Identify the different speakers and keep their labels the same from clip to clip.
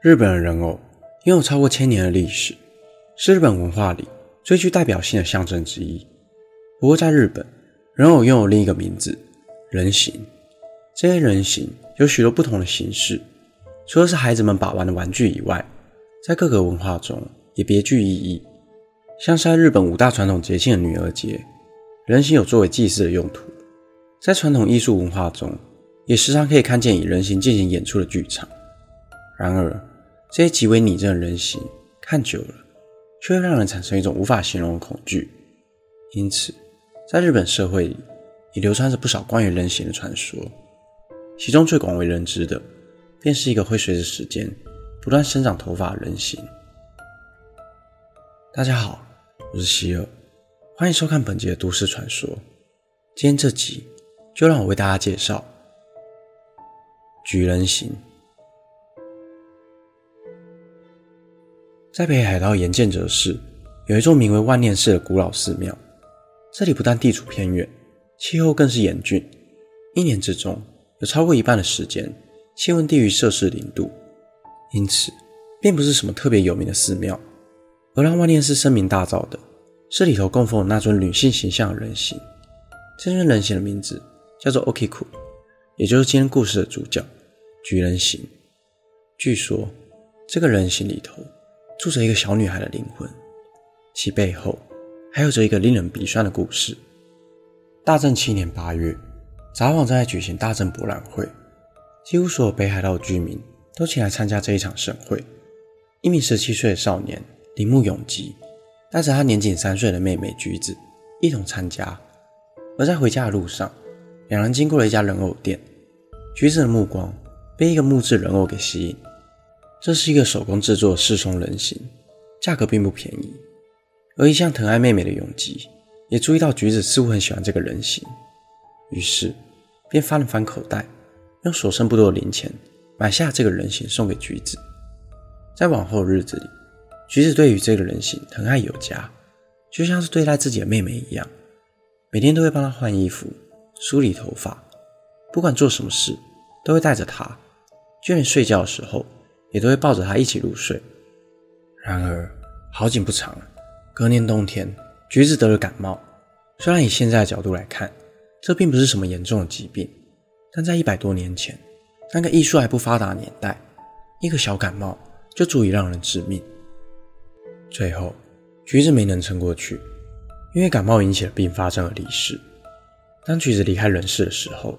Speaker 1: 日本的人偶擁有超過千年的歷史，是日本文化裡最具代表性的象徵之一。不過，在日本，人偶擁有另一個名字——人形。這些人形有許多不同的形式，除了是孩子們把玩的玩具以外，在各個文化中也別具意義。像是在日本五大傳統節慶的女兒節，人形有作為祭祀的用途。在傳統藝術文化中，也時常可以看見以人形進行演出的劇場。然而，這些極為擬真的人形，看久了，卻會讓人產生一種無法形容的恐懼。因此，在日本社會裡，也流傳着不少關於人形的傳說。其中最廣為人知的，便是一個會隨着時,時間不斷生長頭髮的人形。大家好，我是希爾，歡迎收看本集的都市傳說。今天這集，就讓我為大家介紹，菊人形。在北海道岩見澤市，有一座名為萬念寺的古老寺廟。這裡不但地處偏遠，氣候更是嚴峻，一年之中有超過一半的時間氣溫低於攝氏零度。因此，並不是什麼特別有名的寺廟。而讓萬念寺聲名大噪的，是裡頭供奉的那尊女性形象的人形。這尊人形的名字叫做 Okiku，也就是今天故事的主角，菊人形。據說，這個人形裡頭。住着一個小女孩的靈魂，其背後還有着一個令人鼻酸的故事。大正七年八月，札幌正在舉行大正博覽會，幾乎所有北海道的居民都前來參加這一場盛會。一名十七歲的少年鈴木永吉帶着他年僅三歲的妹妹菊子一同參加。而在回家的路上，兩人經過了一家人偶店，菊子的目光被一個木質人偶給吸引。這是一個手工製作的市松人形，價格並不便宜。而一向疼愛妹妹的永吉，也注意到橘子似乎很喜歡這個人形，於是便翻了翻口袋，用所剩不多的零錢買下這個人形送給橘子。在往後的日子裡，橘子對於這個人形疼愛有加，就像是對待自己的妹妹一樣，每天都會幫她換衣服、梳理頭髮，不管做什麼事都會帶着她，就連睡覺的時候。也都會抱着他一起入睡。然而，好景不長，隔年冬天，橘子得了感冒。雖然以現在的角度來看，這並不是什麼嚴重的疾病，但在一百多年前，那個醫術還不發達的年代，一個小感冒就足以讓人致命。最後，橘子沒能撐過去，因為感冒引起了併發症而離世。當橘子離開人世的時候，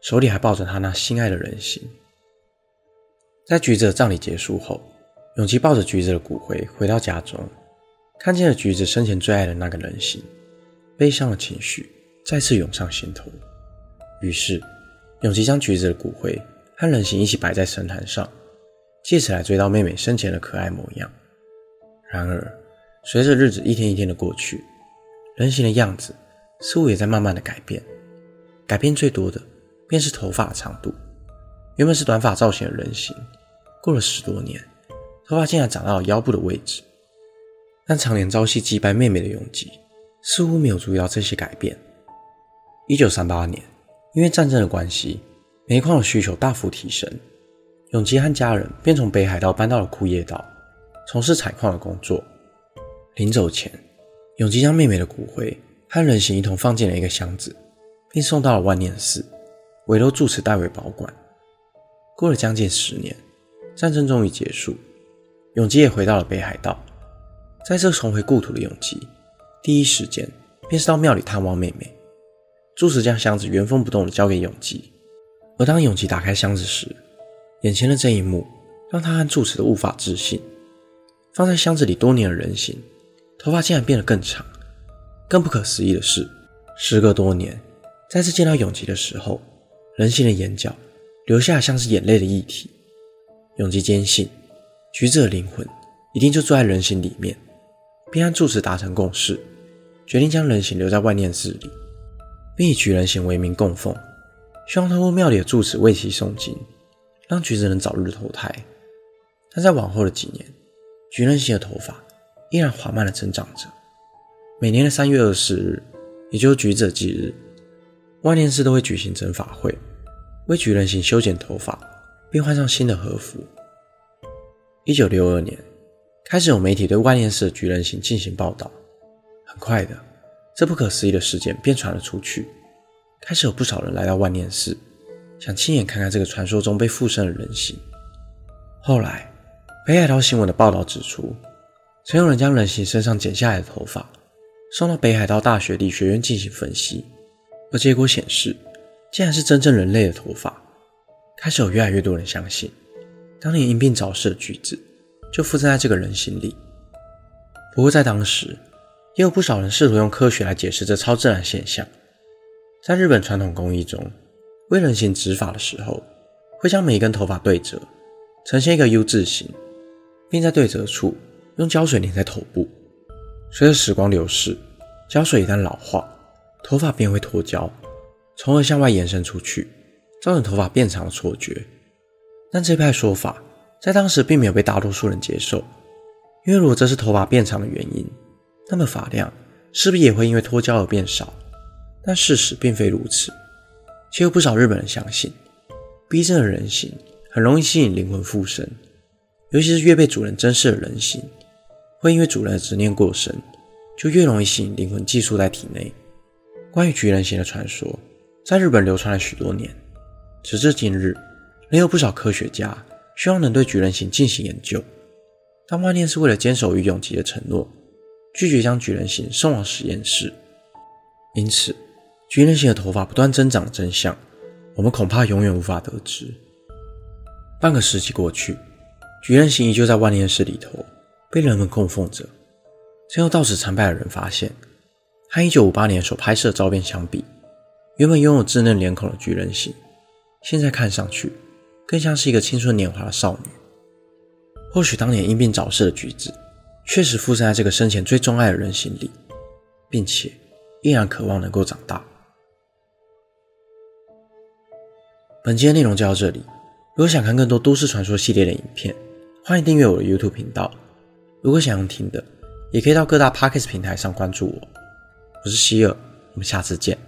Speaker 1: 手裡還抱着他那心愛的人形。在菊子的葬禮結束後，永吉抱着菊子的骨灰回到家中，看見了菊子生前最愛的那個人形，悲傷的情緒再次湧上心頭。於是，永吉將菊子的骨灰和人形一起擺在神壇上，借此來追悼妹妹生前的可愛模樣。然而，隨着日子一天一天的過去，人形的樣子似乎也在慢慢的改變，改變最多的便是頭髮的長度，原本是短髮造型的人形。過了十多年，頭髮竟然長到了腰部的位置。但常年朝夕祭拜妹妹的永吉，似乎沒有注意到這些改變。一九三八年，因為戰爭的關係，煤礦的需求大幅提升，永吉和家人便從北海道搬到了庫頁島，從事採礦的工作。臨走前，永吉將妹妹的骨灰和人形一同放進了一個箱子，並送到了萬念寺，委託住持代為保管。過了將近十年。戰爭終於結束，永吉也回到了北海道。再次重回故土的永吉，第一時間便是到廟裡探望妹妹。住持將箱子原封不動地交給永吉，而當永吉打開箱子時，眼前的這一幕讓他和住持都無法置信：放在箱子裡多年的人形，頭髮竟然變得更長。更不可思議的是，時隔多年再次見到永吉的時候，人形的眼角流下了像是眼淚的液體。永吉堅信，橘子的靈魂一定就住在人形裡面，並和住持達成共識，決定將人形留在萬念寺裡，並以橘人形為名供奉，希望透過廟裡的住持為其誦經，讓橘子能早日投胎。但在往後的幾年，橘人形的頭髮依然緩慢地成長着。每年的三月二十日，也就是橘子忌日，萬念寺都會舉行整法會，為橘人形修剪頭髮。並換上新的和服。一九六二年，開始有媒體對萬念寺的菊人形進行報道。很快的，這不可思議的事件便傳了出去，開始有不少人來到萬念寺，想親眼看看這個傳說中被附身的人形。後來，北海道新聞的報道指出，曾有人將人形身上剪下來的頭髮送到北海道大學理學院進行分析，而結果顯示，竟然是真正人類的頭髮。開始有越來越多人相信，當年因病早逝的菊子就附身在這個人形裡。不過在當時，也有不少人試圖用科學來解釋這超自然現象。在日本傳統工藝中，為人形植髮的時候，會將每一根頭髮對折，呈現一個 U 字形，並在對折處用膠水粘在頭部。隨着時光流逝，膠水一旦老化，頭髮便會脫膠，從而向外延伸出去，造成頭髮變長的錯覺，但這派說法在當時並沒有被大多數人接受，因為如果這是頭髮變長的原因，那麼髮量勢必也會因為脫膠而變少。但事實並非如此，且有不少日本人相信，逼真的人形很容易吸引靈魂附身，尤其是越被主人珍視的人形，會因為主人的執念過深，就越容易吸引靈魂寄宿在體內。關於菊人形的傳說，在日本流傳了許多年。直至今日，仍有不少科學家希望能對菊人形進行研究，但萬念寺為了堅守與永吉的承諾，拒絕將菊人形送往實驗室。因此，菊人形的頭髮不斷增長的真相，我們恐怕永遠無法得知。半個世紀過去，菊人形依舊在萬念寺裡頭被人們供奉着。最後到此參拜的人發現，和1958年所拍攝的照片相比，原本擁有稚嫩臉孔的菊人形。現在看上去，更像是一個青春年華的少女。或許當年因病早逝的菊子，確實附身在這個生前最鍾愛的人形裡，並且依然渴望能夠長大。本期的內容就到這裡。如果想看更多都市傳說系列的影片，歡迎訂閱我的 YouTube 頻道。如果想要聽的，也可以到各大 Podcast 平台上關注我。我是希爾，我們下次見。